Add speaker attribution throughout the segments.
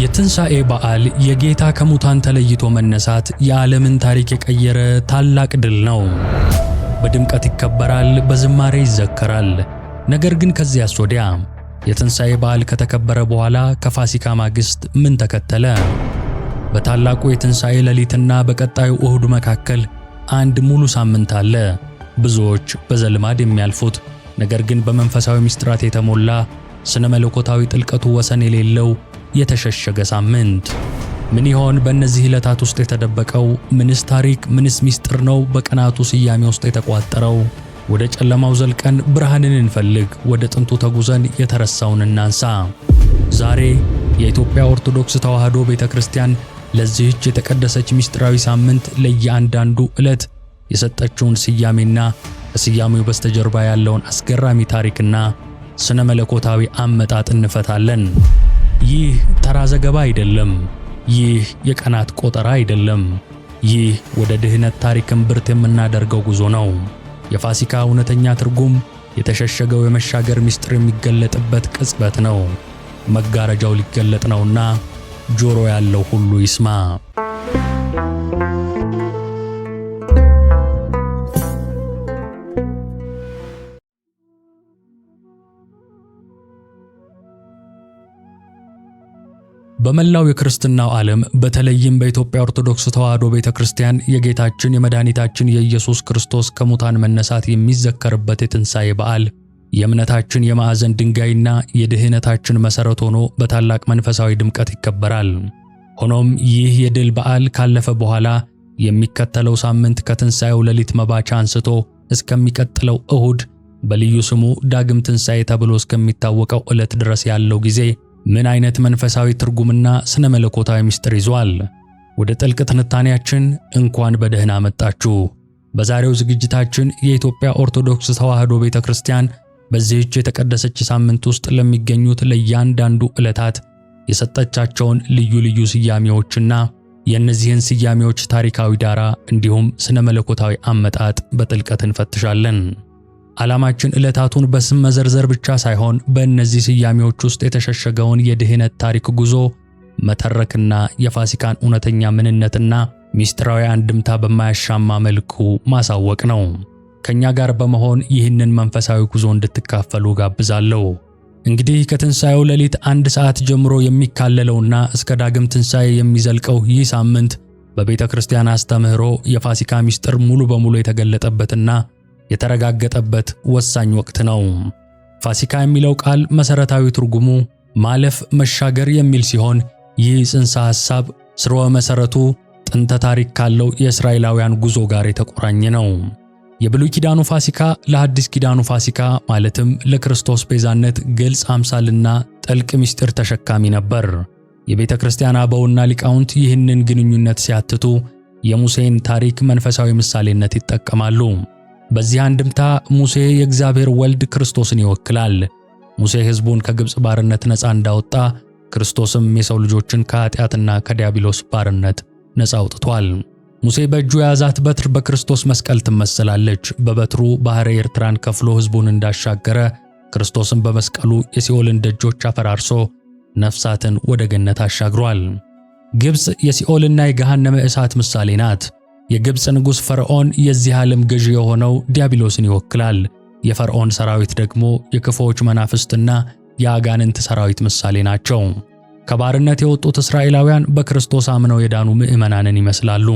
Speaker 1: የትንሣኤ በዓል የጌታ ከሙታን ተለይቶ መነሳት የዓለምን ታሪክ የቀየረ ታላቅ ድል ነው። በድምቀት ይከበራል፣ በዝማሬ ይዘከራል። ነገር ግን ከዚያስ ወዲያ የትንሣኤ በዓል ከተከበረ በኋላ ከፋሲካ ማግስት ምን ተከተለ? በታላቁ የትንሣኤ ሌሊትና በቀጣዩ እሁድ መካከል አንድ ሙሉ ሳምንት አለ። ብዙዎች በዘልማድ የሚያልፉት ነገር ግን በመንፈሳዊ ምስጢራት የተሞላ ስነ መለኮታዊ ጥልቀቱ ወሰን የሌለው የተሸሸገ ሳምንት። ምን ይሆን በእነዚህ ዕለታት ውስጥ የተደበቀው? ምንስ ታሪክ፣ ምንስ ምስጢር ነው በቀናቱ ስያሜ ውስጥ የተቋጠረው? ወደ ጨለማው ዘልቀን ብርሃንን እንፈልግ። ወደ ጥንቱ ተጉዘን የተረሳውን እናንሳ። ዛሬ የኢትዮጵያ ኦርቶዶክስ ተዋሕዶ ቤተ ክርስቲያን ለዚህች የተቀደሰች ምስጢራዊ ሳምንት ለእያንዳንዱ ዕለት የሰጠችውን ስያሜና ከስያሜው በስተጀርባ ያለውን አስገራሚ ታሪክና ስነ መለኮታዊ አመጣጥ እንፈታለን። ይህ ተራ ዘገባ አይደለም። ይህ የቀናት ቆጠራ አይደለም። ይህ ወደ ድህነት ታሪክ እምብርት የምናደርገው ጉዞ ነው። የፋሲካ እውነተኛ ትርጉም የተሸሸገው የመሻገር ምስጢር የሚገለጥበት ቅጽበት ነው። መጋረጃው ሊገለጥ ነውና ጆሮ ያለው ሁሉ ይስማ። በመላው የክርስትናው ዓለም በተለይም በኢትዮጵያ ኦርቶዶክስ ተዋሕዶ ቤተ ክርስቲያን የጌታችን የመድኃኒታችን የኢየሱስ ክርስቶስ ከሙታን መነሳት የሚዘከርበት የትንሣኤ በዓል የእምነታችን የማዕዘን ድንጋይና የድኅነታችን መሠረት ሆኖ በታላቅ መንፈሳዊ ድምቀት ይከበራል። ሆኖም ይህ የድል በዓል ካለፈ በኋላ የሚከተለው ሳምንት ከትንሣኤው ሌሊት መባቻ አንስቶ እስከሚቀጥለው እሁድ በልዩ ስሙ ዳግም ትንሣኤ ተብሎ እስከሚታወቀው ዕለት ድረስ ያለው ጊዜ ምን አይነት መንፈሳዊ ትርጉምና ስነ መለኮታዊ ምስጢር ይዟል? ወደ ጥልቅ ትንታኔያችን እንኳን በደህና መጣችሁ። በዛሬው ዝግጅታችን የኢትዮጵያ ኦርቶዶክስ ተዋሕዶ ቤተ ክርስቲያን በዚህች የተቀደሰች ሳምንት ውስጥ ለሚገኙት ለእያንዳንዱ ዕለታት የሰጠቻቸውን ልዩ ልዩ ስያሜዎችና የእነዚህን ስያሜዎች ታሪካዊ ዳራ እንዲሁም ስነ መለኮታዊ አመጣጥ በጥልቀት እንፈትሻለን። ዓላማችን ዕለታቱን በስም መዘርዘር ብቻ ሳይሆን በእነዚህ ስያሜዎች ውስጥ የተሸሸገውን የድህነት ታሪክ ጉዞ መተረክና የፋሲካን እውነተኛ ምንነትና ሚስጥራዊ አንድምታ በማያሻማ መልኩ ማሳወቅ ነው። ከእኛ ጋር በመሆን ይህንን መንፈሳዊ ጉዞ እንድትካፈሉ ጋብዛለሁ። እንግዲህ ከትንሣኤው ሌሊት አንድ ሰዓት ጀምሮ የሚካለለውና እስከ ዳግም ትንሣኤ የሚዘልቀው ይህ ሳምንት በቤተ ክርስቲያን አስተምህሮ የፋሲካ ሚስጥር ሙሉ በሙሉ የተገለጠበትና የተረጋገጠበት ወሳኝ ወቅት ነው። ፋሲካ የሚለው ቃል መሠረታዊ ትርጉሙ ማለፍ፣ መሻገር የሚል ሲሆን ይህ ጽንሰ ሐሳብ ስርወ መሠረቱ ጥንተ ታሪክ ካለው የእስራኤላውያን ጉዞ ጋር የተቆራኘ ነው። የብሉይ ኪዳኑ ፋሲካ ለአዲስ ኪዳኑ ፋሲካ ማለትም ለክርስቶስ ቤዛነት ግልጽ አምሳልና ጥልቅ ምስጢር ተሸካሚ ነበር። የቤተ ክርስቲያን አበውና ሊቃውንት ይህንን ግንኙነት ሲያትቱ የሙሴን ታሪክ መንፈሳዊ ምሳሌነት ይጠቀማሉ። በዚህ አንድምታ ሙሴ የእግዚአብሔር ወልድ ክርስቶስን ይወክላል። ሙሴ ሕዝቡን ከግብፅ ባርነት ነፃ እንዳወጣ፣ ክርስቶስም የሰው ልጆችን ከኃጢአትና ከዲያብሎስ ባርነት ነፃ አውጥቷል። ሙሴ በእጁ የያዛት በትር በክርስቶስ መስቀል ትመሰላለች። በበትሩ ባሕረ ኤርትራን ከፍሎ ሕዝቡን እንዳሻገረ ክርስቶስም በመስቀሉ የሲኦልን ደጆች አፈራርሶ ነፍሳትን ወደ ገነት አሻግሯል። ግብፅ የሲኦልና የገሃነመ እሳት ምሳሌ ናት። የግብፅ ንጉሥ ፈርዖን የዚህ ዓለም ገዢ የሆነው ዲያብሎስን ይወክላል። የፈርዖን ሰራዊት ደግሞ የክፉዎች መናፍስትና የአጋንንት ሰራዊት ምሳሌ ናቸው። ከባርነት የወጡት እስራኤላውያን በክርስቶስ አምነው የዳኑ ምዕመናንን ይመስላሉ።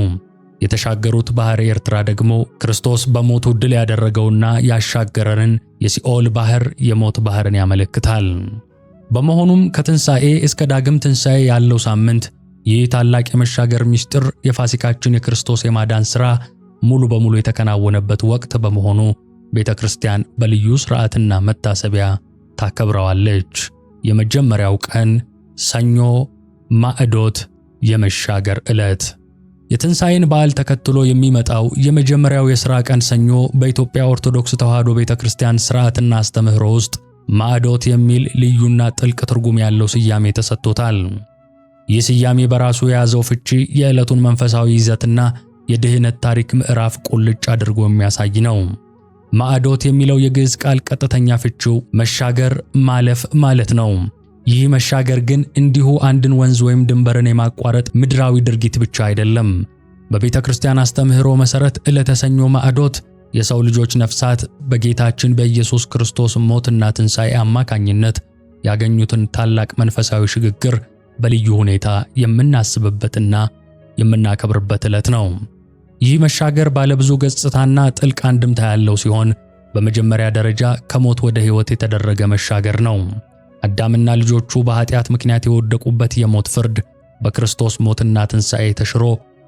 Speaker 1: የተሻገሩት ባህር ኤርትራ ደግሞ ክርስቶስ በሞቱ ድል ያደረገውና ያሻገረንን የሲኦል ባህር የሞት ባህርን ያመለክታል። በመሆኑም ከትንሣኤ እስከ ዳግም ትንሣኤ ያለው ሳምንት ይህ ታላቅ የመሻገር ምስጢር የፋሲካችን የክርስቶስ የማዳን ሥራ ሙሉ በሙሉ የተከናወነበት ወቅት በመሆኑ ቤተ ክርስቲያን በልዩ ሥርዓትና መታሰቢያ ታከብረዋለች። የመጀመሪያው ቀን ሰኞ፣ ማዕዶት የመሻገር ዕለት። የትንሣኤን በዓል ተከትሎ የሚመጣው የመጀመሪያው የሥራ ቀን ሰኞ በኢትዮጵያ ኦርቶዶክስ ተዋሕዶ ቤተ ክርስቲያን ሥርዓትና አስተምህሮ ውስጥ ማዕዶት የሚል ልዩና ጥልቅ ትርጉም ያለው ስያሜ ተሰጥቶታል። ይህ ስያሜ በራሱ የያዘው ፍቺ የዕለቱን መንፈሳዊ ይዘትና የደህነት ታሪክ ምዕራፍ ቁልጭ አድርጎ የሚያሳይ ነው። ማዕዶት የሚለው የግዕዝ ቃል ቀጥተኛ ፍቺው መሻገር፣ ማለፍ ማለት ነው። ይህ መሻገር ግን እንዲሁ አንድን ወንዝ ወይም ድንበርን የማቋረጥ ምድራዊ ድርጊት ብቻ አይደለም። በቤተ ክርስቲያን አስተምህሮ መሠረት ዕለተ ሰኞ ማዕዶት የሰው ልጆች ነፍሳት በጌታችን በኢየሱስ ክርስቶስ ሞትና ትንሣኤ አማካኝነት ያገኙትን ታላቅ መንፈሳዊ ሽግግር በልዩ ሁኔታ የምናስብበትና የምናከብርበት ዕለት ነው። ይህ መሻገር ባለብዙ ገጽታና ጥልቅ አንድምታ ያለው ሲሆን በመጀመሪያ ደረጃ ከሞት ወደ ሕይወት የተደረገ መሻገር ነው። አዳምና ልጆቹ በኃጢአት ምክንያት የወደቁበት የሞት ፍርድ በክርስቶስ ሞትና ትንሣኤ ተሽሮ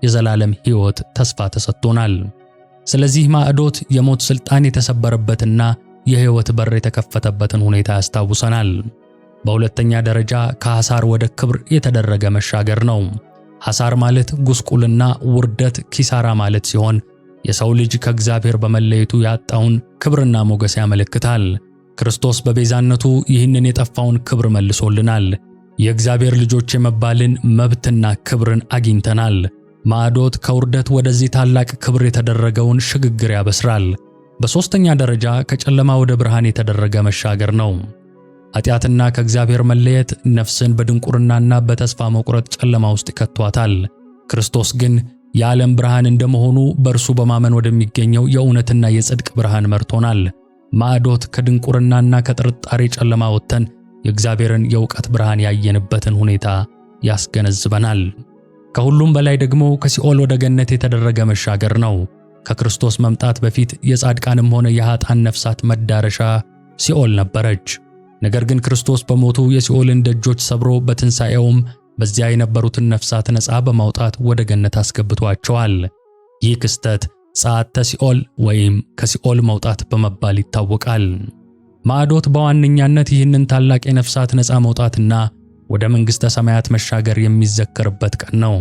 Speaker 1: የዘላለም ሕይወት ተስፋ ተሰጥቶናል። ስለዚህ ማዕዶት የሞት ሥልጣን የተሰበረበትና የሕይወት በር የተከፈተበትን ሁኔታ ያስታውሰናል። በሁለተኛ ደረጃ ከሐሳር ወደ ክብር የተደረገ መሻገር ነው። ሐሳር ማለት ጉስቁልና፣ ውርደት፣ ኪሳራ ማለት ሲሆን የሰው ልጅ ከእግዚአብሔር በመለየቱ ያጣውን ክብርና ሞገስ ያመለክታል። ክርስቶስ በቤዛነቱ ይህንን የጠፋውን ክብር መልሶልናል። የእግዚአብሔር ልጆች የመባልን መብትና ክብርን አግኝተናል። ማዕዶት ከውርደት ወደዚህ ታላቅ ክብር የተደረገውን ሽግግር ያበስራል። በሦስተኛ ደረጃ ከጨለማ ወደ ብርሃን የተደረገ መሻገር ነው። ኃጢአትና ከእግዚአብሔር መለየት ነፍስን በድንቁርናና በተስፋ መቁረጥ ጨለማ ውስጥ ይከቷታል። ክርስቶስ ግን የዓለም ብርሃን እንደመሆኑ በእርሱ በማመን ወደሚገኘው የእውነትና የጽድቅ ብርሃን መርቶናል። ማዕዶት ከድንቁርናና ከጥርጣሬ ጨለማ ወጥተን የእግዚአብሔርን የእውቀት ብርሃን ያየንበትን ሁኔታ ያስገነዝበናል። ከሁሉም በላይ ደግሞ ከሲኦል ወደ ገነት የተደረገ መሻገር ነው። ከክርስቶስ መምጣት በፊት የጻድቃንም ሆነ የኃጥአን ነፍሳት መዳረሻ ሲኦል ነበረች። ነገር ግን ክርስቶስ በሞቱ የሲኦልን ደጆች ሰብሮ በትንሣኤውም በዚያ የነበሩትን ነፍሳት ነፃ በማውጣት ወደ ገነት አስገብቷቸዋል። ይህ ክስተት ጸአተ ሲኦል ወይም ከሲኦል መውጣት በመባል ይታወቃል። ማዕዶት በዋነኛነት ይህንን ታላቅ የነፍሳት ነፃ መውጣትና ወደ መንግሥተ ሰማያት መሻገር የሚዘከርበት ቀን ነው።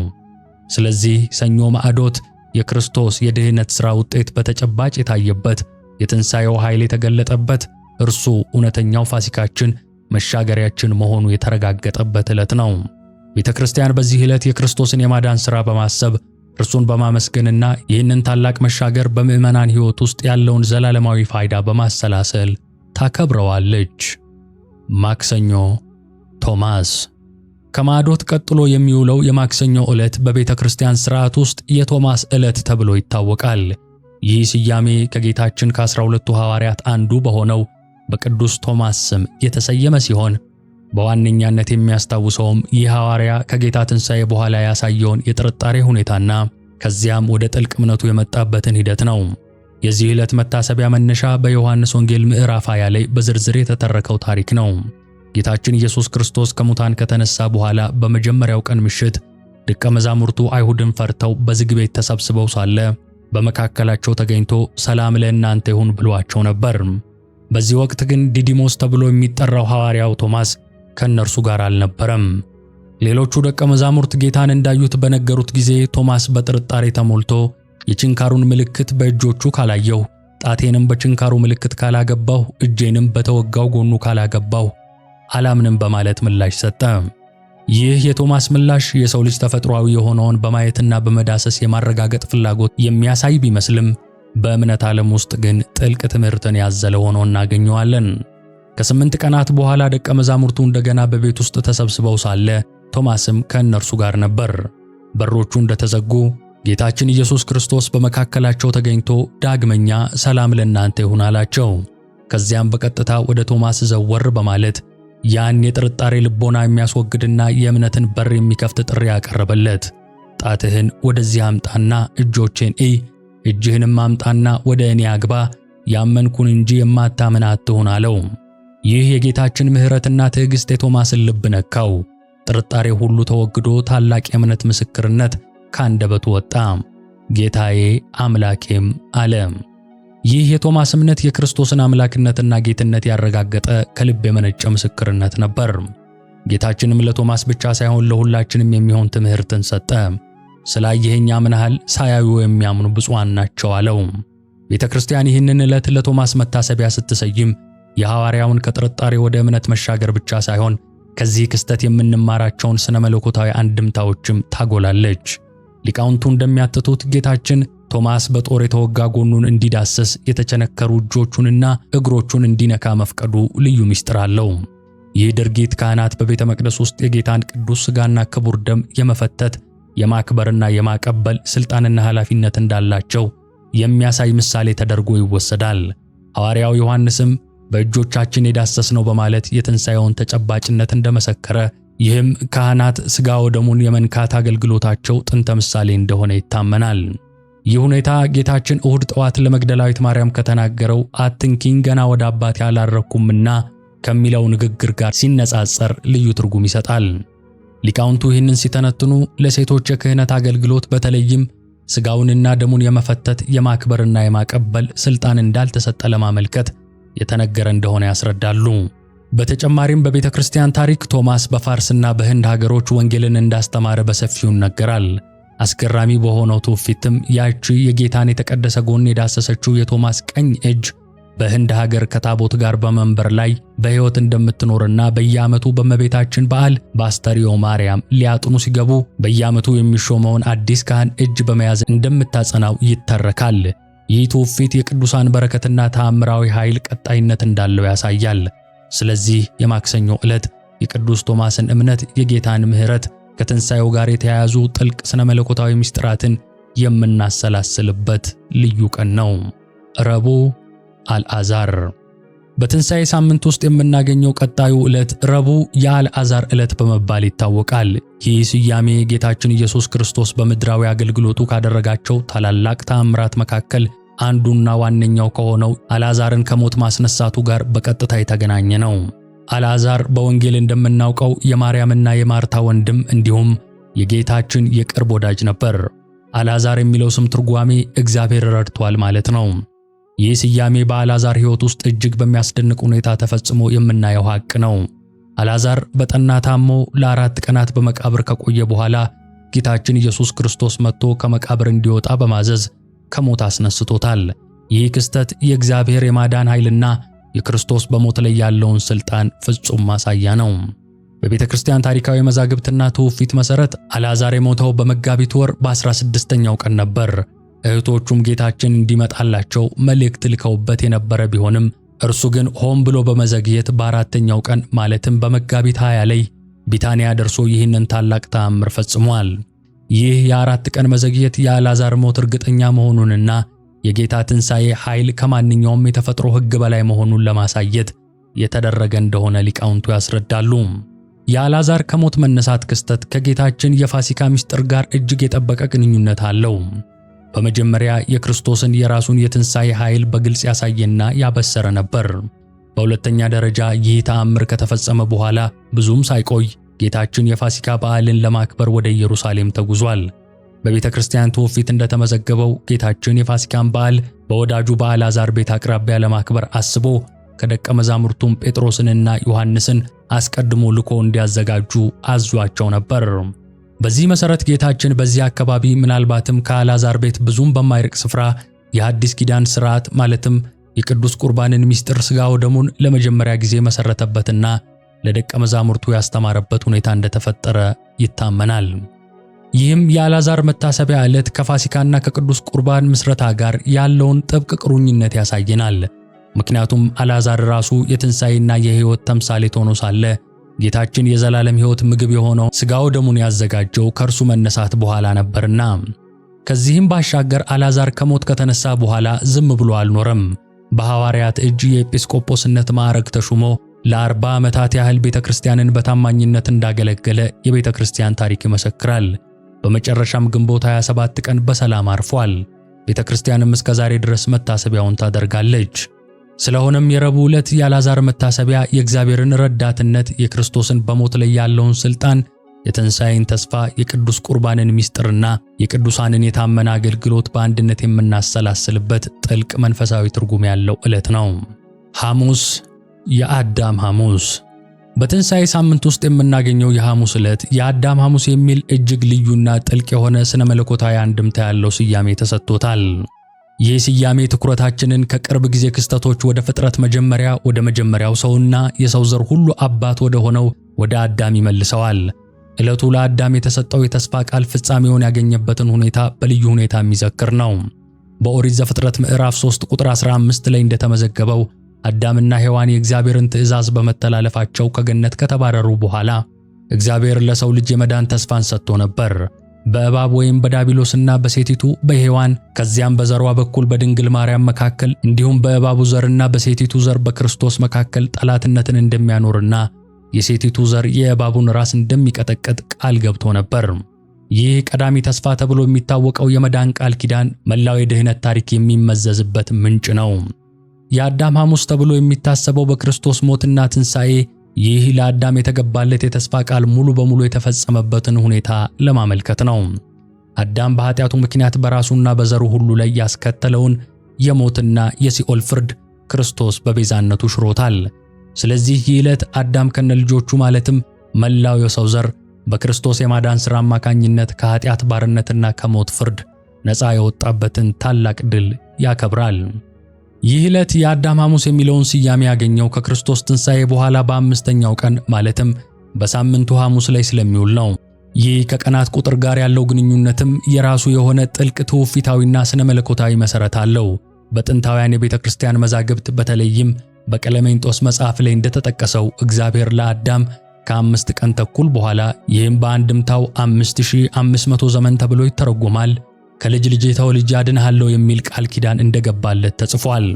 Speaker 1: ስለዚህ ሰኞ ማዕዶት የክርስቶስ የድኅነት ሥራ ውጤት በተጨባጭ የታየበት፣ የትንሣኤው ኃይል የተገለጠበት እርሱ እውነተኛው ፋሲካችን መሻገሪያችን መሆኑ የተረጋገጠበት ዕለት ነው። ቤተ ክርስቲያን በዚህ ዕለት የክርስቶስን የማዳን ሥራ በማሰብ እርሱን በማመስገንና ይህንን ታላቅ መሻገር በምዕመናን ሕይወት ውስጥ ያለውን ዘላለማዊ ፋይዳ በማሰላሰል ታከብረዋለች። ማክሰኞ ቶማስ ከማዕዶት ቀጥሎ የሚውለው የማክሰኞ ዕለት በቤተ ክርስቲያን ሥርዓት ውስጥ የቶማስ ዕለት ተብሎ ይታወቃል። ይህ ስያሜ ከጌታችን ከአስራ ሁለቱ ሐዋርያት አንዱ በሆነው በቅዱስ ቶማስ ስም የተሰየመ ሲሆን በዋነኛነት የሚያስታውሰውም ይህ ሐዋርያ ከጌታ ትንሣኤ በኋላ ያሳየውን የጥርጣሬ ሁኔታና ከዚያም ወደ ጥልቅ እምነቱ የመጣበትን ሂደት ነው። የዚህ ዕለት መታሰቢያ መነሻ በዮሐንስ ወንጌል ምዕራፍ 20 ላይ በዝርዝር የተተረከው ታሪክ ነው። ጌታችን ኢየሱስ ክርስቶስ ከሙታን ከተነሳ በኋላ በመጀመሪያው ቀን ምሽት ደቀ መዛሙርቱ አይሁድን ፈርተው በዝግ ቤት ተሰብስበው ሳለ በመካከላቸው ተገኝቶ ሰላም ለእናንተ ይሁን ብሏቸው ነበር። በዚህ ወቅት ግን ዲዲሞስ ተብሎ የሚጠራው ሐዋርያው ቶማስ ከእነርሱ ጋር አልነበረም። ሌሎቹ ደቀ መዛሙርት ጌታን እንዳዩት በነገሩት ጊዜ ቶማስ በጥርጣሬ ተሞልቶ የችንካሩን ምልክት በእጆቹ ካላየሁ፣ ጣቴንም በችንካሩ ምልክት ካላገባሁ፣ እጄንም በተወጋው ጎኑ ካላገባሁ አላምንም በማለት ምላሽ ሰጠ። ይህ የቶማስ ምላሽ የሰው ልጅ ተፈጥሯዊ የሆነውን በማየትና በመዳሰስ የማረጋገጥ ፍላጎት የሚያሳይ ቢመስልም በእምነት ዓለም ውስጥ ግን ጥልቅ ትምህርትን ያዘለ ሆኖ እናገኘዋለን። ከስምንት ቀናት በኋላ ደቀ መዛሙርቱ እንደገና በቤት ውስጥ ተሰብስበው ሳለ ቶማስም ከእነርሱ ጋር ነበር። በሮቹ እንደተዘጉ ጌታችን ኢየሱስ ክርስቶስ በመካከላቸው ተገኝቶ ዳግመኛ ሰላም ለእናንተ ይሁን አላቸው። ከዚያም በቀጥታ ወደ ቶማስ ዘወር በማለት ያን የጥርጣሬ ልቦና የሚያስወግድና የእምነትን በር የሚከፍት ጥሪ ያቀረበለት፣ ጣትህን ወደዚህ አምጣና እጆቼን እይ እጅህንም አምጣና ወደ እኔ አግባ፣ ያመንኩን እንጂ የማታምን አትሁን አለው። ይህ የጌታችን ምሕረትና ትዕግሥት የቶማስን ልብ ነካው። ጥርጣሬ ሁሉ ተወግዶ ታላቅ የእምነት ምስክርነት ካንደበቱ ወጣ። ጌታዬ አምላኬም አለ። ይህ የቶማስ እምነት የክርስቶስን አምላክነትና ጌትነት ያረጋገጠ ከልብ የመነጨ ምስክርነት ነበር። ጌታችንም ለቶማስ ብቻ ሳይሆን ለሁላችንም የሚሆን ትምህርትን ሰጠ። ስላየኸኝ አምነሃል፣ ሳያዩ የሚያምኑ ብፁዓን ናቸው አለው። ቤተ ክርስቲያን ይህንን ዕለት ለቶማስ መታሰቢያ ስትሰይም የሐዋርያውን ከጥርጣሬ ወደ እምነት መሻገር ብቻ ሳይሆን ከዚህ ክስተት የምንማራቸውን ስነ መለኮታዊ አንድምታዎችም ታጎላለች። ሊቃውንቱ እንደሚያትቱት ጌታችን ቶማስ በጦር የተወጋ ጎኑን እንዲዳሰስ የተቸነከሩ እጆቹንና እግሮቹን እንዲነካ መፍቀዱ ልዩ ምስጢር አለው። ይህ ድርጊት ካህናት በቤተ መቅደስ ውስጥ የጌታን ቅዱስ ሥጋና ክቡር ደም የመፈተት የማክበርና የማቀበል ሥልጣንና ኃላፊነት እንዳላቸው የሚያሳይ ምሳሌ ተደርጎ ይወሰዳል። ሐዋርያው ዮሐንስም በእጆቻችን የዳሰስነው በማለት የትንሣኤውን ተጨባጭነት እንደመሰከረ፣ ይህም ካህናት ሥጋ ወደሙን የመንካት አገልግሎታቸው ጥንተ ምሳሌ እንደሆነ ይታመናል። ይህ ሁኔታ ጌታችን እሁድ ጠዋት ለመግደላዊት ማርያም ከተናገረው አትንኪኝ ገና ወደ አባቴ አላረግኩምና ከሚለው ንግግር ጋር ሲነጻጸር ልዩ ትርጉም ይሰጣል። ሊቃውንቱ ይህንን ሲተነትኑ ለሴቶች የክህነት አገልግሎት በተለይም ሥጋውንና ደሙን የመፈተት የማክበርና የማቀበል ሥልጣን እንዳልተሰጠ ለማመልከት የተነገረ እንደሆነ ያስረዳሉ። በተጨማሪም በቤተ ክርስቲያን ታሪክ ቶማስ በፋርስና በህንድ ሀገሮች ወንጌልን እንዳስተማረ በሰፊው ይነገራል። አስገራሚ በሆነው ትውፊትም ያቺ የጌታን የተቀደሰ ጎን የዳሰሰችው የቶማስ ቀኝ እጅ በህንድ ሀገር ከታቦት ጋር በመንበር ላይ በሕይወት እንደምትኖርና በየዓመቱ በመቤታችን በዓል በአስተርዮ ማርያም ሊያጥኑ ሲገቡ በየዓመቱ የሚሾመውን አዲስ ካህን እጅ በመያዝ እንደምታጸናው ይተረካል። ይህ ትውፊት የቅዱሳን በረከትና ተአምራዊ ኃይል ቀጣይነት እንዳለው ያሳያል። ስለዚህ የማክሰኞ ዕለት የቅዱስ ቶማስን እምነት፣ የጌታን ምሕረት፣ ከትንሣኤው ጋር የተያያዙ ጥልቅ ሥነ መለኮታዊ ምስጢራትን የምናሰላስልበት ልዩ ቀን ነው። ረቡዕ አልአዛር በትንሣኤ ሳምንት ውስጥ የምናገኘው ቀጣዩ ዕለት ረቡዕ የአልአዛር ዕለት በመባል ይታወቃል። ይህ ስያሜ ጌታችን ኢየሱስ ክርስቶስ በምድራዊ አገልግሎቱ ካደረጋቸው ታላላቅ ተአምራት መካከል አንዱና ዋነኛው ከሆነው አልአዛርን ከሞት ማስነሳቱ ጋር በቀጥታ የተገናኘ ነው። አልአዛር በወንጌል እንደምናውቀው የማርያምና የማርታ ወንድም እንዲሁም የጌታችን የቅርብ ወዳጅ ነበር። አልአዛር የሚለው ስም ትርጓሜ እግዚአብሔር ረድቷል ማለት ነው። ይህ ስያሜ በአልዓዛር ሕይወት ውስጥ እጅግ በሚያስደንቅ ሁኔታ ተፈጽሞ የምናየው ሐቅ ነው። አልዓዛር በጠና ታሞ ለአራት ቀናት በመቃብር ከቆየ በኋላ ጌታችን ኢየሱስ ክርስቶስ መጥቶ ከመቃብር እንዲወጣ በማዘዝ ከሞት አስነስቶታል። ይህ ክስተት የእግዚአብሔር የማዳን ኃይልና የክርስቶስ በሞት ላይ ያለውን ሥልጣን ፍጹም ማሳያ ነው። በቤተ ክርስቲያን ታሪካዊ መዛግብትና ትውፊት መሠረት አልዓዛር የሞተው በመጋቢት ወር በ16ኛው ቀን ነበር። እህቶቹም ጌታችን እንዲመጣላቸው መልእክት ልከውበት የነበረ ቢሆንም እርሱ ግን ሆን ብሎ በመዘግየት በአራተኛው ቀን ማለትም በመጋቢት 20 ላይ ቢታንያ ደርሶ ይህንን ታላቅ ተአምር ፈጽሟል። ይህ የአራት ቀን መዘግየት የአልዓዛር ሞት እርግጠኛ መሆኑንና የጌታ ትንሣኤ ኃይል ከማንኛውም የተፈጥሮ ሕግ በላይ መሆኑን ለማሳየት የተደረገ እንደሆነ ሊቃውንቱ ያስረዳሉ። የአልዓዛር ከሞት መነሳት ክስተት ከጌታችን የፋሲካ ምስጢር ጋር እጅግ የጠበቀ ግንኙነት አለው። በመጀመሪያ የክርስቶስን የራሱን የትንሣኤ ኃይል በግልጽ ያሳየና ያበሰረ ነበር። በሁለተኛ ደረጃ ይህ ተአምር ከተፈጸመ በኋላ ብዙም ሳይቆይ ጌታችን የፋሲካ በዓልን ለማክበር ወደ ኢየሩሳሌም ተጉዟል። በቤተ ክርስቲያን ትውፊት እንደተመዘገበው ጌታችን የፋሲካን በዓል በወዳጁ በአልዓዛር ቤት አቅራቢያ ለማክበር አስቦ ከደቀ መዛሙርቱም ጴጥሮስንና ዮሐንስን አስቀድሞ ልኮ እንዲያዘጋጁ አዟቸው ነበር። በዚህ መሰረት ጌታችን በዚህ አካባቢ ምናልባትም ከአልዓዛር ቤት ብዙም በማይርቅ ስፍራ የአዲስ ኪዳን ስርዓት ማለትም የቅዱስ ቁርባንን ምስጢር ስጋ ወደሙን ለመጀመሪያ ጊዜ መሰረተበትና ለደቀ መዛሙርቱ ያስተማረበት ሁኔታ እንደተፈጠረ ይታመናል። ይህም የአልዓዛር መታሰቢያ ዕለት ከፋሲካና ከቅዱስ ቁርባን ምስረታ ጋር ያለውን ጥብቅ ቅሩኝነት ያሳየናል። ምክንያቱም አልዓዛር ራሱ የትንሣኤና የሕይወት ተምሳሌት ሆኖ ሳለ ጌታችን የዘላለም ሕይወት ምግብ የሆነው ሥጋው ደሙን ያዘጋጀው ከእርሱ መነሳት በኋላ ነበርና። ከዚህም ባሻገር አልዓዛር ከሞት ከተነሳ በኋላ ዝም ብሎ አልኖረም። በሐዋርያት እጅ የኤጲስቆጶስነት ማዕረግ ተሹሞ ለአርባ ዓመታት ያህል ቤተ ክርስቲያንን በታማኝነት እንዳገለገለ የቤተ ክርስቲያን ታሪክ ይመሰክራል። በመጨረሻም ግንቦት 27 ቀን በሰላም አርፏል። ቤተ ክርስቲያንም እስከ ዛሬ ድረስ መታሰቢያውን ታደርጋለች። ስለሆነም የረቡዕ ዕለት የአልዓዛር መታሰቢያ የእግዚአብሔርን ረዳትነት፣ የክርስቶስን በሞት ላይ ያለውን ሥልጣን፣ የትንሣኤን ተስፋ፣ የቅዱስ ቁርባንን ምስጢርና የቅዱሳንን የታመነ አገልግሎት በአንድነት የምናሰላስልበት ጥልቅ መንፈሳዊ ትርጉም ያለው ዕለት ነው። ሐሙስ፣ የአዳም ሐሙስ። በትንሣኤ ሳምንት ውስጥ የምናገኘው የሐሙስ ዕለት የአዳም ሐሙስ የሚል እጅግ ልዩና ጥልቅ የሆነ ስነ መለኮታዊ አንድምታ ያለው ስያሜ ተሰጥቶታል። ይህ ስያሜ ትኩረታችንን ከቅርብ ጊዜ ክስተቶች ወደ ፍጥረት መጀመሪያ ወደ መጀመሪያው ሰውና የሰው ዘር ሁሉ አባት ወደ ሆነው ወደ አዳም ይመልሰዋል። ዕለቱ ለአዳም የተሰጠው የተስፋ ቃል ፍጻሜውን ያገኘበትን ሁኔታ በልዩ ሁኔታ የሚዘክር ነው። በኦሪት ዘፍጥረት ምዕራፍ 3 ቁጥር 15 ላይ እንደተመዘገበው አዳምና ሔዋን የእግዚአብሔርን ትእዛዝ በመተላለፋቸው ከገነት ከተባረሩ በኋላ እግዚአብሔር ለሰው ልጅ የመዳን ተስፋን ሰጥቶ ነበር። በእባብ ወይም በዳቢሎስና በሴቲቱ በሔዋን ከዚያም በዘሯ በኩል በድንግል ማርያም መካከል እንዲሁም በእባቡ ዘርና በሴቲቱ ዘር በክርስቶስ መካከል ጠላትነትን እንደሚያኖርና የሴቲቱ ዘር የእባቡን ራስ እንደሚቀጠቅጥ ቃል ገብቶ ነበር። ይህ ቀዳሚ ተስፋ ተብሎ የሚታወቀው የመዳን ቃል ኪዳን መላው የድኅነት ታሪክ የሚመዘዝበት ምንጭ ነው። የአዳም ሐሙስ ተብሎ የሚታሰበው በክርስቶስ ሞትና ትንሣኤ ይህ ለአዳም የተገባለት የተስፋ ቃል ሙሉ በሙሉ የተፈጸመበትን ሁኔታ ለማመልከት ነው። አዳም በኃጢአቱ ምክንያት በራሱና በዘሩ ሁሉ ላይ ያስከተለውን የሞትና የሲኦል ፍርድ ክርስቶስ በቤዛነቱ ሽሮታል። ስለዚህ ይህ ዕለት አዳም ከነልጆቹ ማለትም መላው የሰው ዘር በክርስቶስ የማዳን ሥራ አማካኝነት ከኃጢአት ባርነትና ከሞት ፍርድ ነፃ የወጣበትን ታላቅ ድል ያከብራል። ይህ ዕለት የአዳም ሐሙስ የሚለውን ስያሜ ያገኘው ከክርስቶስ ትንሣኤ በኋላ በአምስተኛው ቀን ማለትም በሳምንቱ ሐሙስ ላይ ስለሚውል ነው። ይህ ከቀናት ቁጥር ጋር ያለው ግንኙነትም የራሱ የሆነ ጥልቅ ትውፊታዊና ስነ መለኮታዊ መሠረት አለው። በጥንታውያን የቤተ ክርስቲያን መዛግብት በተለይም በቀለሜንጦስ መጽሐፍ ላይ እንደተጠቀሰው እግዚአብሔር ለአዳም ከአምስት ቀን ተኩል በኋላ ይህም በአንድምታው 5500 ዘመን ተብሎ ይተረጎማል ከልጅ ልጅ ተወልጄ አድንሃለሁ የሚል ቃል ኪዳን እንደገባለት ተጽፏል።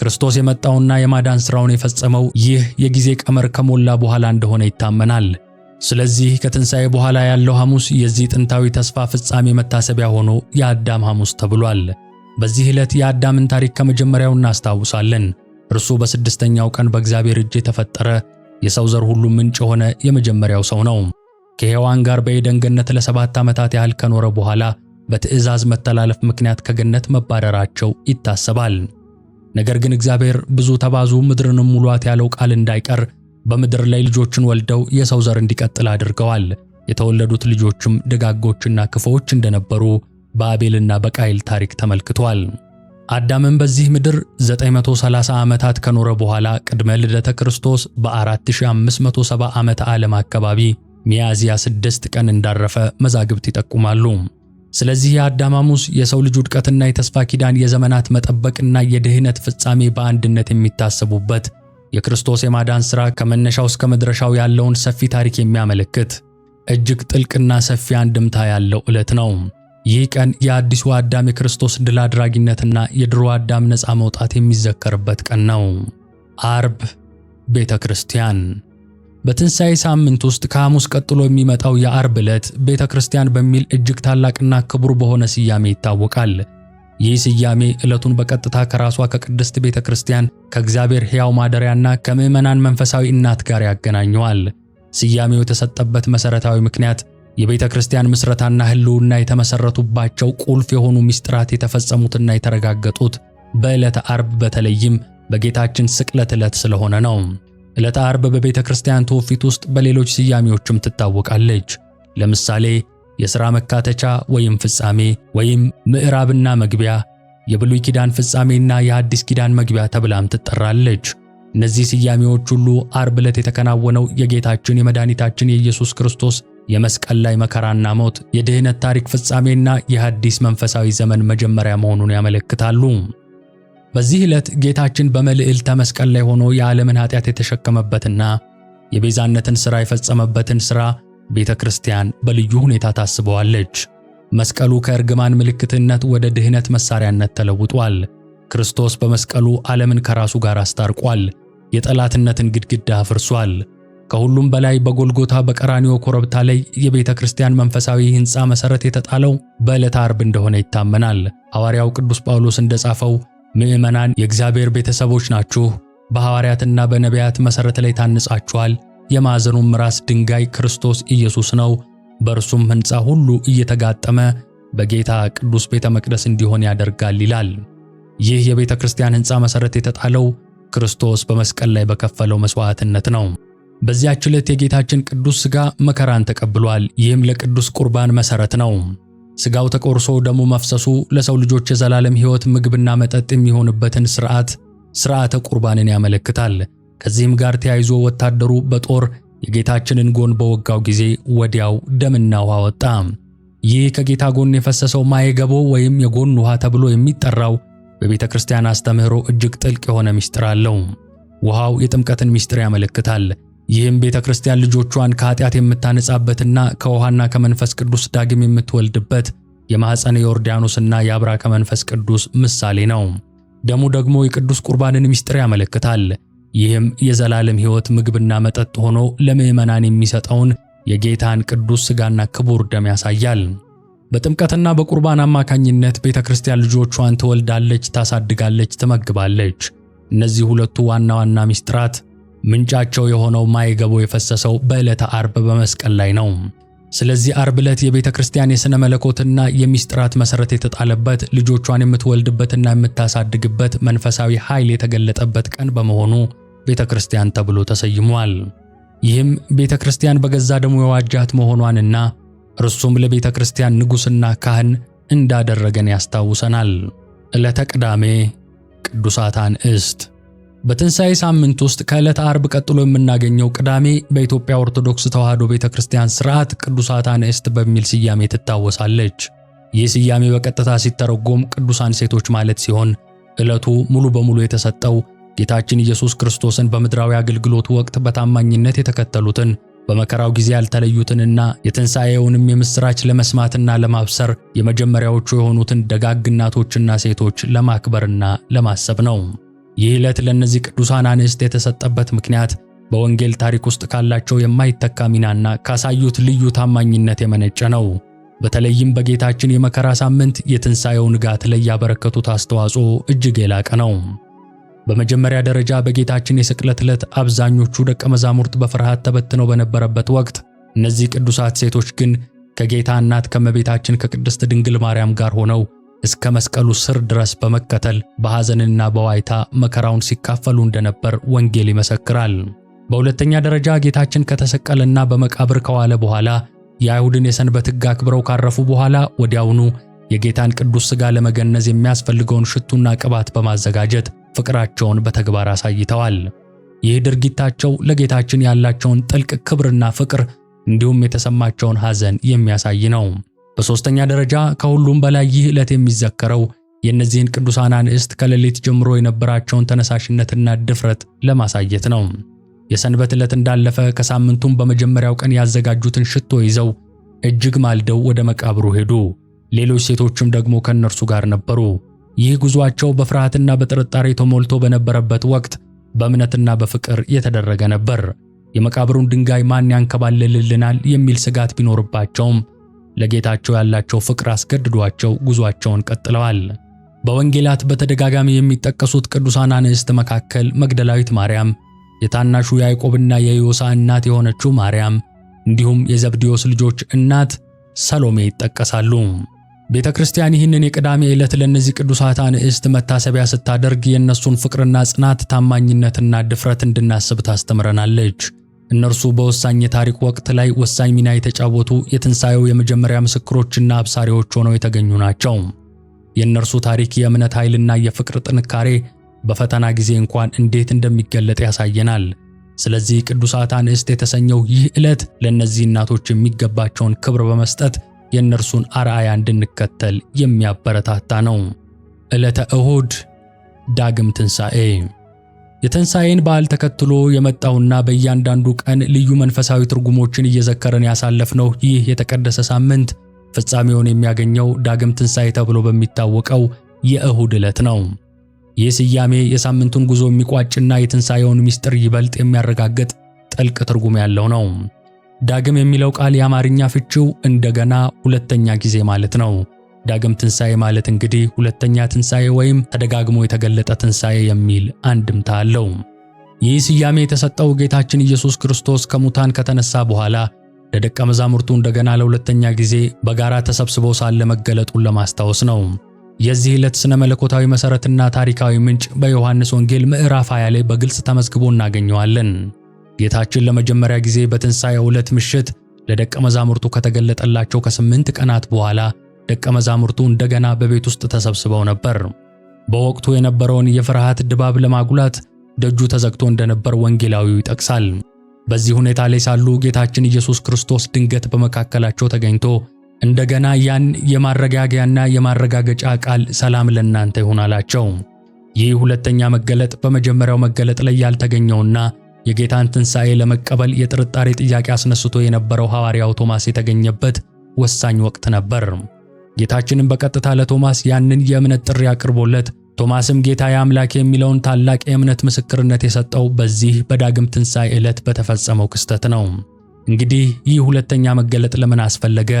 Speaker 1: ክርስቶስ የመጣውና የማዳን ሥራውን የፈጸመው ይህ የጊዜ ቀመር ከሞላ በኋላ እንደሆነ ይታመናል። ስለዚህ ከትንሣኤ በኋላ ያለው ሐሙስ የዚህ ጥንታዊ ተስፋ ፍጻሜ መታሰቢያ ሆኖ የአዳም ሐሙስ ተብሏል። በዚህ ዕለት የአዳምን ታሪክ ከመጀመሪያው እናስታውሳለን። እርሱ በስድስተኛው ቀን በእግዚአብሔር እጅ የተፈጠረ የሰው ዘር ሁሉ ምንጭ የሆነ የመጀመሪያው ሰው ነው። ከሔዋን ጋር በኤደን ገነት ለሰባት ዓመታት ያህል ከኖረ በኋላ በትእዛዝ መተላለፍ ምክንያት ከገነት መባረራቸው ይታሰባል። ነገር ግን እግዚአብሔር ብዙ ተባዙ ምድርንም ሙሏት ያለው ቃል እንዳይቀር በምድር ላይ ልጆችን ወልደው የሰው ዘር እንዲቀጥል አድርገዋል። የተወለዱት ልጆችም ደጋጎችና ክፉዎች እንደነበሩ በአቤልና በቃይል ታሪክ ተመልክቷል። አዳምም በዚህ ምድር 930 ዓመታት ከኖረ በኋላ ቅድመ ልደተ ክርስቶስ በ4570 ዓመተ ዓለም አካባቢ ሚያዝያ 6 ቀን እንዳረፈ መዛግብት ይጠቁማሉ። ስለዚህ የአዳም ሐሙስ የሰው ልጅ ውድቀትና የተስፋ ኪዳን የዘመናት መጠበቅና የደህነት ፍጻሜ በአንድነት የሚታሰቡበት የክርስቶስ የማዳን ሥራ ከመነሻው እስከ መድረሻው ያለውን ሰፊ ታሪክ የሚያመለክት እጅግ ጥልቅና ሰፊ አንድምታ ያለው ዕለት ነው። ይህ ቀን የአዲሱ አዳም የክርስቶስ ድል አድራጊነትና የድሮ አዳም ነፃ መውጣት የሚዘከርበት ቀን ነው። አርብ ቤተ ክርስቲያን በትንሣኤ ሳምንት ውስጥ ከሐሙስ ቀጥሎ የሚመጣው የአርብ ዕለት ቤተ ክርስቲያን በሚል እጅግ ታላቅና ክቡር በሆነ ስያሜ ይታወቃል። ይህ ስያሜ ዕለቱን በቀጥታ ከራሷ ከቅድስት ቤተ ክርስቲያን ከእግዚአብሔር ሕያው ማደሪያና ከምዕመናን መንፈሳዊ እናት ጋር ያገናኘዋል። ስያሜው የተሰጠበት መሠረታዊ ምክንያት የቤተ ክርስቲያን ምስረታና ሕልውና የተመሠረቱባቸው ቁልፍ የሆኑ ምስጢራት የተፈጸሙትና የተረጋገጡት በዕለተ አርብ በተለይም በጌታችን ስቅለት ዕለት ስለሆነ ነው። ዕለተ ዓርብ በቤተ ክርስቲያን ትውፊት ውስጥ በሌሎች ስያሜዎችም ትታወቃለች። ለምሳሌ የሥራ መካተቻ ወይም ፍጻሜ ወይም ምዕራብና መግቢያ፣ የብሉይ ኪዳን ፍጻሜና የአዲስ ኪዳን መግቢያ ተብላም ትጠራለች። እነዚህ ስያሜዎች ሁሉ ዓርብ ዕለት የተከናወነው የጌታችን የመድኃኒታችን የኢየሱስ ክርስቶስ የመስቀል ላይ መከራና ሞት የደህነት ታሪክ ፍጻሜና የሐዲስ መንፈሳዊ ዘመን መጀመሪያ መሆኑን ያመለክታሉ። በዚህ ዕለት ጌታችን በመልዕልተ መስቀል ላይ ሆኖ የዓለምን ኃጢአት የተሸከመበትና የቤዛነትን ሥራ የፈጸመበትን ሥራ ቤተ ክርስቲያን በልዩ ሁኔታ ታስበዋለች። መስቀሉ ከእርግማን ምልክትነት ወደ ድኅነት መሣሪያነት ተለውጧል። ክርስቶስ በመስቀሉ ዓለምን ከራሱ ጋር አስታርቋል። የጠላትነትን ግድግዳ አፍርሷል። ከሁሉም በላይ በጎልጎታ በቀራኒዮ ኮረብታ ላይ የቤተ ክርስቲያን መንፈሳዊ ሕንፃ መሠረት የተጣለው በዕለተ ዓርብ እንደሆነ ይታመናል። ሐዋርያው ቅዱስ ጳውሎስ እንደጻፈው ምእመናን የእግዚአብሔር ቤተሰቦች ናችሁ፣ በሐዋርያትና በነቢያት መሠረት ላይ ታንጻችኋል። የማዕዘኑም ራስ ድንጋይ ክርስቶስ ኢየሱስ ነው። በእርሱም ሕንፃ ሁሉ እየተጋጠመ በጌታ ቅዱስ ቤተ መቅደስ እንዲሆን ያደርጋል ይላል። ይህ የቤተ ክርስቲያን ሕንፃ መሠረት የተጣለው ክርስቶስ በመስቀል ላይ በከፈለው መሥዋዕትነት ነው። በዚያች ዕለት የጌታችን ቅዱስ ሥጋ መከራን ተቀብሏል። ይህም ለቅዱስ ቁርባን መሠረት ነው። ሥጋው ተቆርሶ ደሙ መፍሰሱ ለሰው ልጆች የዘላለም ሕይወት ምግብና መጠጥ የሚሆንበትን ሥርዓት ሥርዓተ ቁርባንን ያመለክታል። ከዚህም ጋር ተያይዞ ወታደሩ በጦር የጌታችንን ጎን በወጋው ጊዜ ወዲያው ደምና ውሃ ወጣ። ይህ ከጌታ ጎን የፈሰሰው ማየገቦ ወይም የጎን ውሃ ተብሎ የሚጠራው በቤተ ክርስቲያን አስተምህሮ እጅግ ጥልቅ የሆነ ምስጢር አለው። ውሃው የጥምቀትን ምስጢር ያመለክታል። ይህም ቤተ ክርስቲያን ልጆቿን ከኃጢአት የምታነጻበትና ከውሃና ከመንፈስ ቅዱስ ዳግም የምትወልድበት የማኅፀነ ዮርዳኖስና የአብራ ከመንፈስ ቅዱስ ምሳሌ ነው። ደሙ ደግሞ የቅዱስ ቁርባንን ምስጢር ያመለክታል። ይህም የዘላለም ሕይወት ምግብና መጠጥ ሆኖ ለምዕመናን የሚሰጠውን የጌታን ቅዱስ ሥጋና ክቡር ደም ያሳያል። በጥምቀትና በቁርባን አማካኝነት ቤተ ክርስቲያን ልጆቿን ትወልዳለች፣ ታሳድጋለች፣ ትመግባለች። እነዚህ ሁለቱ ዋና ዋና ምስጢራት ምንጫቸው የሆነው ማይገቦ የፈሰሰው በዕለተ አርብ በመስቀል ላይ ነው። ስለዚህ አርብ ዕለት የቤተ ክርስቲያን የሥነ መለኮትና የሚስጥራት መሠረት የተጣለበት ልጆቿን የምትወልድበትና የምታሳድግበት መንፈሳዊ ኃይል የተገለጠበት ቀን በመሆኑ ቤተ ክርስቲያን ተብሎ ተሰይሟል። ይህም ቤተ ክርስቲያን በገዛ ደሙ የዋጃት መሆኗንና እርሱም ለቤተ ክርስቲያን ንጉሥና ካህን እንዳደረገን ያስታውሰናል። ዕለተ ቅዳሜ ቅዱሳት አንስት በትንሣኤ ሳምንት ውስጥ ከዕለት አርብ ቀጥሎ የምናገኘው ቅዳሜ በኢትዮጵያ ኦርቶዶክስ ተዋሕዶ ቤተ ክርስቲያን ሥርዓት ቅዱሳት አንስት በሚል ስያሜ ትታወሳለች። ይህ ስያሜ በቀጥታ ሲተረጎም ቅዱሳን ሴቶች ማለት ሲሆን ዕለቱ ሙሉ በሙሉ የተሰጠው ጌታችን ኢየሱስ ክርስቶስን በምድራዊ አገልግሎት ወቅት በታማኝነት የተከተሉትን በመከራው ጊዜ ያልተለዩትንና የትንሣኤውንም የምሥራች ለመስማትና ለማብሰር የመጀመሪያዎቹ የሆኑትን ደጋግ እናቶችና ሴቶች ለማክበርና ለማሰብ ነው። ይህ ዕለት ለእነዚህ ቅዱሳን አንስት የተሰጠበት ምክንያት በወንጌል ታሪክ ውስጥ ካላቸው የማይተካ ሚናና ካሳዩት ልዩ ታማኝነት የመነጨ ነው። በተለይም በጌታችን የመከራ ሳምንት የትንሣኤው ንጋት ላይ ያበረከቱት አስተዋጽኦ እጅግ የላቀ ነው። በመጀመሪያ ደረጃ በጌታችን የስቅለት ዕለት አብዛኞቹ ደቀ መዛሙርት በፍርሃት ተበትነው በነበረበት ወቅት እነዚህ ቅዱሳት ሴቶች ግን ከጌታ እናት ከመቤታችን ከቅድስት ድንግል ማርያም ጋር ሆነው እስከ መስቀሉ ስር ድረስ በመከተል በሐዘንና በዋይታ መከራውን ሲካፈሉ እንደነበር ወንጌል ይመሰክራል። በሁለተኛ ደረጃ ጌታችን ከተሰቀለና በመቃብር ከዋለ በኋላ የአይሁድን የሰንበት ሕግ አክብረው ካረፉ በኋላ ወዲያውኑ የጌታን ቅዱስ ሥጋ ለመገነዝ የሚያስፈልገውን ሽቱና ቅባት በማዘጋጀት ፍቅራቸውን በተግባር አሳይተዋል። ይህ ድርጊታቸው ለጌታችን ያላቸውን ጥልቅ ክብርና ፍቅር እንዲሁም የተሰማቸውን ሐዘን የሚያሳይ ነው። በሦስተኛ ደረጃ ከሁሉም በላይ ይህ ዕለት የሚዘከረው የእነዚህን ቅዱሳን አንስት ከሌሊት ጀምሮ የነበራቸውን ተነሳሽነትና ድፍረት ለማሳየት ነው። የሰንበት ዕለት እንዳለፈ ከሳምንቱም በመጀመሪያው ቀን ያዘጋጁትን ሽቶ ይዘው እጅግ ማልደው ወደ መቃብሩ ሄዱ። ሌሎች ሴቶችም ደግሞ ከእነርሱ ጋር ነበሩ። ይህ ጉዟቸው በፍርሃትና በጥርጣሬ ተሞልቶ በነበረበት ወቅት በእምነትና በፍቅር የተደረገ ነበር። የመቃብሩን ድንጋይ ማን ያንከባልልልናል የሚል ስጋት ቢኖርባቸውም ለጌታቸው ያላቸው ፍቅር አስገድዷቸው ጉዟቸውን ቀጥለዋል። በወንጌላት በተደጋጋሚ የሚጠቀሱት ቅዱሳን አንስት መካከል መግደላዊት ማርያም፣ የታናሹ ያዕቆብና የዮሳ እናት የሆነችው ማርያም እንዲሁም የዘብዴዎስ ልጆች እናት ሰሎሜ ይጠቀሳሉ። ቤተ ክርስቲያን ይህንን የቅዳሜ ዕለት ለእነዚህ ቅዱሳት አንስት መታሰቢያ ስታደርግ የእነሱን ፍቅርና ጽናት፣ ታማኝነትና ድፍረት እንድናስብ ታስተምረናለች። እነርሱ በወሳኝ የታሪክ ወቅት ላይ ወሳኝ ሚና የተጫወቱ የትንሣኤው የመጀመሪያ ምስክሮችና አብሳሪዎች ሆነው የተገኙ ናቸው። የእነርሱ ታሪክ የእምነት ኃይልና የፍቅር ጥንካሬ በፈተና ጊዜ እንኳን እንዴት እንደሚገለጥ ያሳየናል። ስለዚህ ቅዱሳት አንስት የተሰኘው ይህ ዕለት ለእነዚህ እናቶች የሚገባቸውን ክብር በመስጠት የእነርሱን አርአያ እንድንከተል የሚያበረታታ ነው። ዕለተ እሁድ ዳግም ትንሣኤ የትንሣኤን በዓል ተከትሎ የመጣውና በእያንዳንዱ ቀን ልዩ መንፈሳዊ ትርጉሞችን እየዘከረን ያሳለፍነው ይህ የተቀደሰ ሳምንት ፍጻሜውን የሚያገኘው ዳግም ትንሣኤ ተብሎ በሚታወቀው የእሁድ ዕለት ነው። ይህ ስያሜ የሳምንቱን ጉዞ የሚቋጭና የትንሣኤውን ምስጢር ይበልጥ የሚያረጋግጥ ጥልቅ ትርጉም ያለው ነው። ዳግም የሚለው ቃል የአማርኛ ፍቺው እንደገና፣ ሁለተኛ ጊዜ ማለት ነው። ዳግም ትንሣኤ ማለት እንግዲህ ሁለተኛ ትንሣኤ ወይም ተደጋግሞ የተገለጠ ትንሣኤ የሚል አንድምታ አለው። ይህ ስያሜ የተሰጠው ጌታችን ኢየሱስ ክርስቶስ ከሙታን ከተነሳ በኋላ ለደቀ መዛሙርቱ እንደገና ለሁለተኛ ጊዜ በጋራ ተሰብስበው ሳለ መገለጡን ለማስታወስ ነው። የዚህ ዕለት ስነ መለኮታዊ መሠረትና ታሪካዊ ምንጭ በዮሐንስ ወንጌል ምዕራፍ 20 ላይ በግልጽ ተመዝግቦ እናገኘዋለን። ጌታችን ለመጀመሪያ ጊዜ በትንሣኤው ዕለት ምሽት ለደቀ መዛሙርቱ ከተገለጠላቸው ከስምንት ቀናት በኋላ ደቀ መዛሙርቱ እንደገና በቤት ውስጥ ተሰብስበው ነበር። በወቅቱ የነበረውን የፍርሃት ድባብ ለማጉላት ደጁ ተዘግቶ እንደነበር ወንጌላዊው ይጠቅሳል። በዚህ ሁኔታ ላይ ሳሉ ጌታችን ኢየሱስ ክርስቶስ ድንገት በመካከላቸው ተገኝቶ እንደገና ያን የማረጋጊያና የማረጋገጫ ቃል ሰላም ለእናንተ ይሁን አላቸው። ይህ ሁለተኛ መገለጥ በመጀመሪያው መገለጥ ላይ ያልተገኘውና የጌታን ትንሣኤ ለመቀበል የጥርጣሬ ጥያቄ አስነስቶ የነበረው ሐዋርያው ቶማስ የተገኘበት ወሳኝ ወቅት ነበር። ጌታችንም በቀጥታ ለቶማስ ያንን የእምነት ጥሪ አቅርቦለት ቶማስም ጌታ የአምላክ የሚለውን ታላቅ የእምነት ምስክርነት የሰጠው በዚህ በዳግም ትንሣኤ ዕለት በተፈጸመው ክስተት ነው። እንግዲህ ይህ ሁለተኛ መገለጥ ለምን አስፈለገ?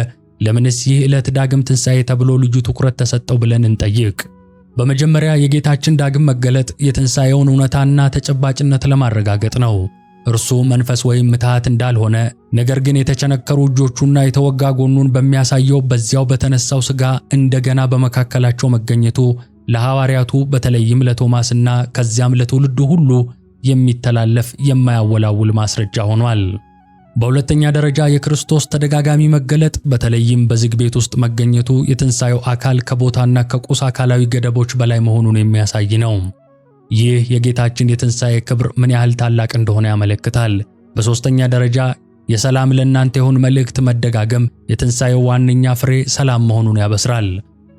Speaker 1: ለምንስ ይህ ዕለት ዳግም ትንሣኤ ተብሎ ልዩ ትኩረት ተሰጠው ብለን እንጠይቅ። በመጀመሪያ የጌታችን ዳግም መገለጥ የትንሣኤውን እውነታና ተጨባጭነት ለማረጋገጥ ነው። እርሱ መንፈስ ወይም ምትሃት እንዳልሆነ ነገር ግን የተቸነከሩ እጆቹና የተወጋ ጎኑን በሚያሳየው በዚያው በተነሳው ሥጋ እንደገና በመካከላቸው መገኘቱ ለሐዋርያቱ በተለይም ለቶማስና ከዚያም ለትውልዱ ሁሉ የሚተላለፍ የማያወላውል ማስረጃ ሆኗል። በሁለተኛ ደረጃ የክርስቶስ ተደጋጋሚ መገለጥ በተለይም በዝግ ቤት ውስጥ መገኘቱ የትንሣኤው አካል ከቦታና ከቁስ አካላዊ ገደቦች በላይ መሆኑን የሚያሳይ ነው። ይህ የጌታችን የትንሣኤ ክብር ምን ያህል ታላቅ እንደሆነ ያመለክታል። በሦስተኛ ደረጃ የሰላም ለእናንተ ይሁን መልእክት መደጋገም የትንሣኤው ዋነኛ ፍሬ ሰላም መሆኑን ያበስራል።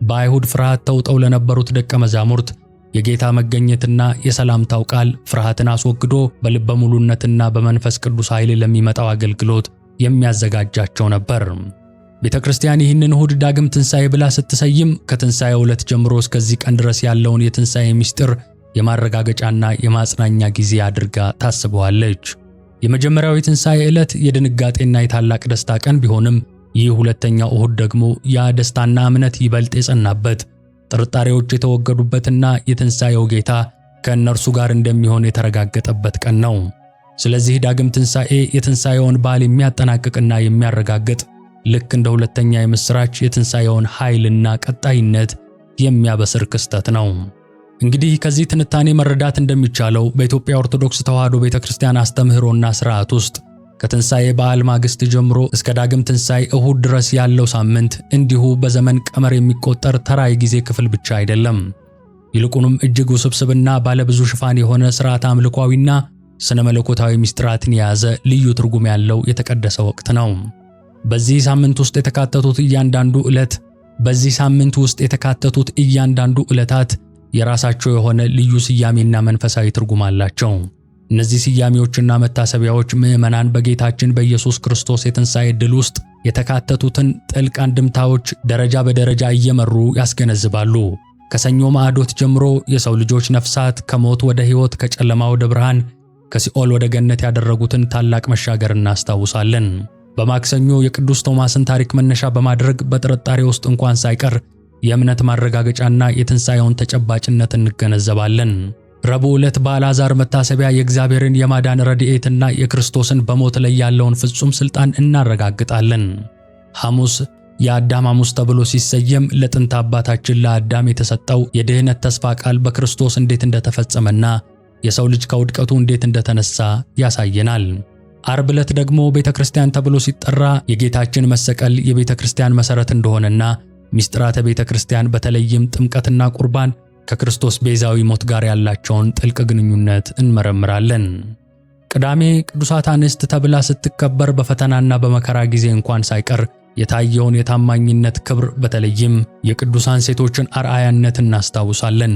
Speaker 1: በአይሁድ ፍርሃት ተውጠው ለነበሩት ደቀ መዛሙርት የጌታ መገኘትና የሰላምታው ቃል ፍርሃትን አስወግዶ በልበ ሙሉነትና በመንፈስ ቅዱስ ኃይል ለሚመጣው አገልግሎት የሚያዘጋጃቸው ነበር። ቤተ ክርስቲያን ይህንን እሁድ ዳግም ትንሣኤ ብላ ስትሰይም ከትንሣኤ ዕለት ጀምሮ እስከዚህ ቀን ድረስ ያለውን የትንሣኤ ምስጢር የማረጋገጫና የማጽናኛ ጊዜ አድርጋ ታስበዋለች። የመጀመሪያው የትንሣኤ ዕለት የድንጋጤና የታላቅ ደስታ ቀን ቢሆንም ይህ ሁለተኛው እሁድ ደግሞ ያ ደስታና እምነት ይበልጥ የጸናበት፣ ጥርጣሬዎች የተወገዱበትና የትንሣኤው ጌታ ከእነርሱ ጋር እንደሚሆን የተረጋገጠበት ቀን ነው። ስለዚህ ዳግም ትንሣኤ የትንሣኤውን በዓል የሚያጠናቅቅና የሚያረጋግጥ ልክ እንደ ሁለተኛ የምሥራች የትንሣኤውን ኃይልና ቀጣይነት የሚያበስር ክስተት ነው። እንግዲህ ከዚህ ትንታኔ መረዳት እንደሚቻለው በኢትዮጵያ ኦርቶዶክስ ተዋሕዶ ቤተክርስቲያን አስተምህሮና ስርዓት ውስጥ ከትንሣኤ በዓል ማግስት ጀምሮ እስከ ዳግም ትንሣኤ እሁድ ድረስ ያለው ሳምንት እንዲሁ በዘመን ቀመር የሚቆጠር ተራ የጊዜ ክፍል ብቻ አይደለም። ይልቁንም እጅግ ውስብስብና ባለብዙ ሽፋን የሆነ ሥርዓት አምልኳዊና ስነ መለኮታዊ ምስጢራትን የያዘ ልዩ ትርጉም ያለው የተቀደሰ ወቅት ነው። በዚህ ሳምንት ውስጥ የተካተቱት እያንዳንዱ ዕለት በዚህ ሳምንት ውስጥ የተካተቱት እያንዳንዱ ዕለታት የራሳቸው የሆነ ልዩ ስያሜና መንፈሳዊ ትርጉም አላቸው። እነዚህ ስያሜዎችና መታሰቢያዎች ምዕመናን በጌታችን በኢየሱስ ክርስቶስ የትንሣኤ ድል ውስጥ የተካተቱትን ጥልቅ አንድምታዎች ደረጃ በደረጃ እየመሩ ያስገነዝባሉ። ከሰኞ ማዕዶት ጀምሮ የሰው ልጆች ነፍሳት ከሞት ወደ ሕይወት፣ ከጨለማ ወደ ብርሃን፣ ከሲኦል ወደ ገነት ያደረጉትን ታላቅ መሻገር እናስታውሳለን። በማክሰኞ የቅዱስ ቶማስን ታሪክ መነሻ በማድረግ በጥርጣሬ ውስጥ እንኳን ሳይቀር የእምነት ማረጋገጫና የትንሣኤውን ተጨባጭነት እንገነዘባለን። ረቡዕ ዕለት በአልዓዛር መታሰቢያ የእግዚአብሔርን የማዳን ረድኤትና የክርስቶስን በሞት ላይ ያለውን ፍጹም ሥልጣን እናረጋግጣለን። ሐሙስ የአዳም ሐሙስ ተብሎ ሲሰየም ለጥንት አባታችን ለአዳም የተሰጠው የድኅነት ተስፋ ቃል በክርስቶስ እንዴት እንደተፈጸመና የሰው ልጅ ከውድቀቱ እንዴት እንደተነሳ ያሳየናል። አርብ ዕለት ደግሞ ቤተ ክርስቲያን ተብሎ ሲጠራ የጌታችን መሰቀል የቤተ ክርስቲያን መሠረት እንደሆነና ሚስጥራተ ቤተ ክርስቲያን በተለይም ጥምቀትና ቁርባን ከክርስቶስ ቤዛዊ ሞት ጋር ያላቸውን ጥልቅ ግንኙነት እንመረምራለን። ቅዳሜ ቅዱሳት አንስት ተብላ ስትከበር በፈተናና በመከራ ጊዜ እንኳን ሳይቀር የታየውን የታማኝነት ክብር በተለይም የቅዱሳን ሴቶችን አርአያነት እናስታውሳለን።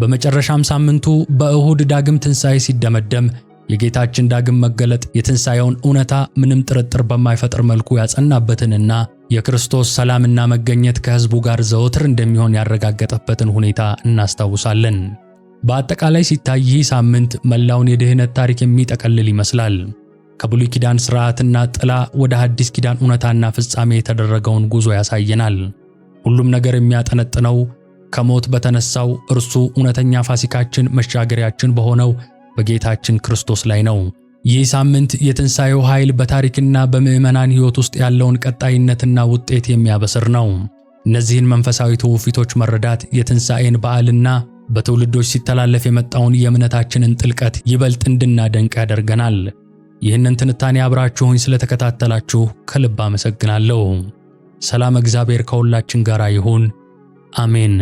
Speaker 1: በመጨረሻም ሳምንቱ በእሁድ ዳግም ትንሣኤ ሲደመደም የጌታችን ዳግም መገለጥ የትንሣኤውን እውነታ ምንም ጥርጥር በማይፈጥር መልኩ ያጸናበትንና የክርስቶስ ሰላምና መገኘት ከሕዝቡ ጋር ዘወትር እንደሚሆን ያረጋገጠበትን ሁኔታ እናስታውሳለን። በአጠቃላይ ሲታይ ይህ ሳምንት መላውን የድኅነት ታሪክ የሚጠቀልል ይመስላል። ከብሉይ ኪዳን ሥርዓትና ጥላ ወደ አዲስ ኪዳን እውነታና ፍጻሜ የተደረገውን ጉዞ ያሳየናል። ሁሉም ነገር የሚያጠነጥነው ከሞት በተነሳው እርሱ እውነተኛ ፋሲካችን መሻገሪያችን በሆነው በጌታችን ክርስቶስ ላይ ነው። ይህ ሳምንት የትንሣኤው ኃይል በታሪክና በምዕመናን ሕይወት ውስጥ ያለውን ቀጣይነትና ውጤት የሚያበስር ነው። እነዚህን መንፈሳዊ ትውፊቶች መረዳት የትንሣኤን በዓልና በትውልዶች ሲተላለፍ የመጣውን የእምነታችንን ጥልቀት ይበልጥ እንድናደንቅ ያደርገናል። ይህንን ትንታኔ አብራችሁኝ ስለተከታተላችሁ ከልብ አመሰግናለሁ። ሰላም፣ እግዚአብሔር ከሁላችን ጋር ይሁን። አሜን።